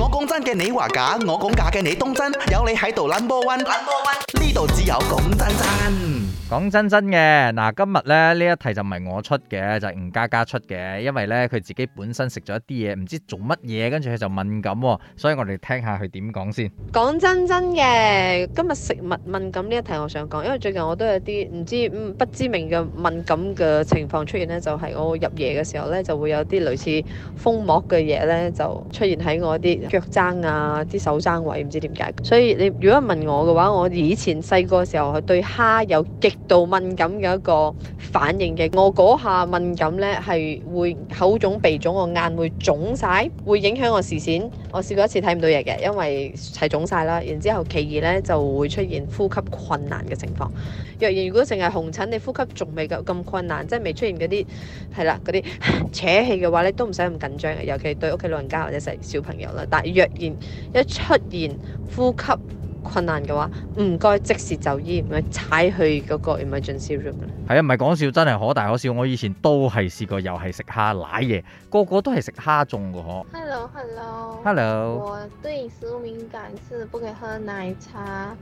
我講真嘅，你話假；我講假嘅，你當真。有你喺度 number one，number one，呢度只有講真真。講真真嘅，嗱，今日咧呢一題就唔係我出嘅，就係吳家家出嘅，因為咧佢自己本身食咗一啲嘢，唔知做乜嘢，跟住佢就敏感喎，所以我哋聽下佢點講先。講真真嘅，今日食物敏感呢一題，我想講，因為最近我都有啲唔知不知名嘅敏感嘅情況出現咧，就係我入夜嘅時候咧，就會有啲類似封膜嘅嘢咧，就出現喺我啲腳踭啊，啲手踭位，唔知點解。所以你如果問我嘅話，我以前細個嘅時候係對蝦有極度敏感嘅一個反應嘅，我嗰下敏感呢係會口腫、鼻腫，我眼會腫晒，會影響我視線。我試過一次睇唔到嘢嘅，因為係腫晒啦。然之後其二呢就會出現呼吸困難嘅情況。若然如果成日紅疹，你呼吸仲未咁咁困難，即係未出現嗰啲係啦嗰啲扯氣嘅話呢，都唔使咁緊張，尤其對屋企老人家或者細小朋友啦，但係若然一出現呼吸，困難嘅話，唔該即時就醫，唔該踩去嗰個 emergency room 啦。係啊，唔係講笑，真係可大可小。我以前都係試過，又係食蝦奶嘢，個個都係食蝦中嘅嗬。Hello，hello，hello hello。Hello. 我對食物敏感，是不可以喝奶茶。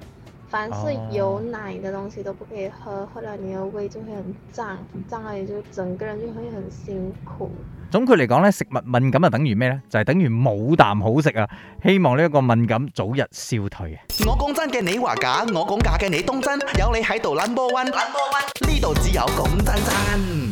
凡是有奶的東西都不可以喝，喝了你的胃就會很脹，脹咗你就整個人就會很辛苦。總括嚟講咧，食物敏感啊等於咩呢？就係等於冇啖好食啊！希望呢一個敏感早日消退。我講真嘅，你話假；我講假嘅，你當真。有你喺度，number one，number one 呢度只有講真真。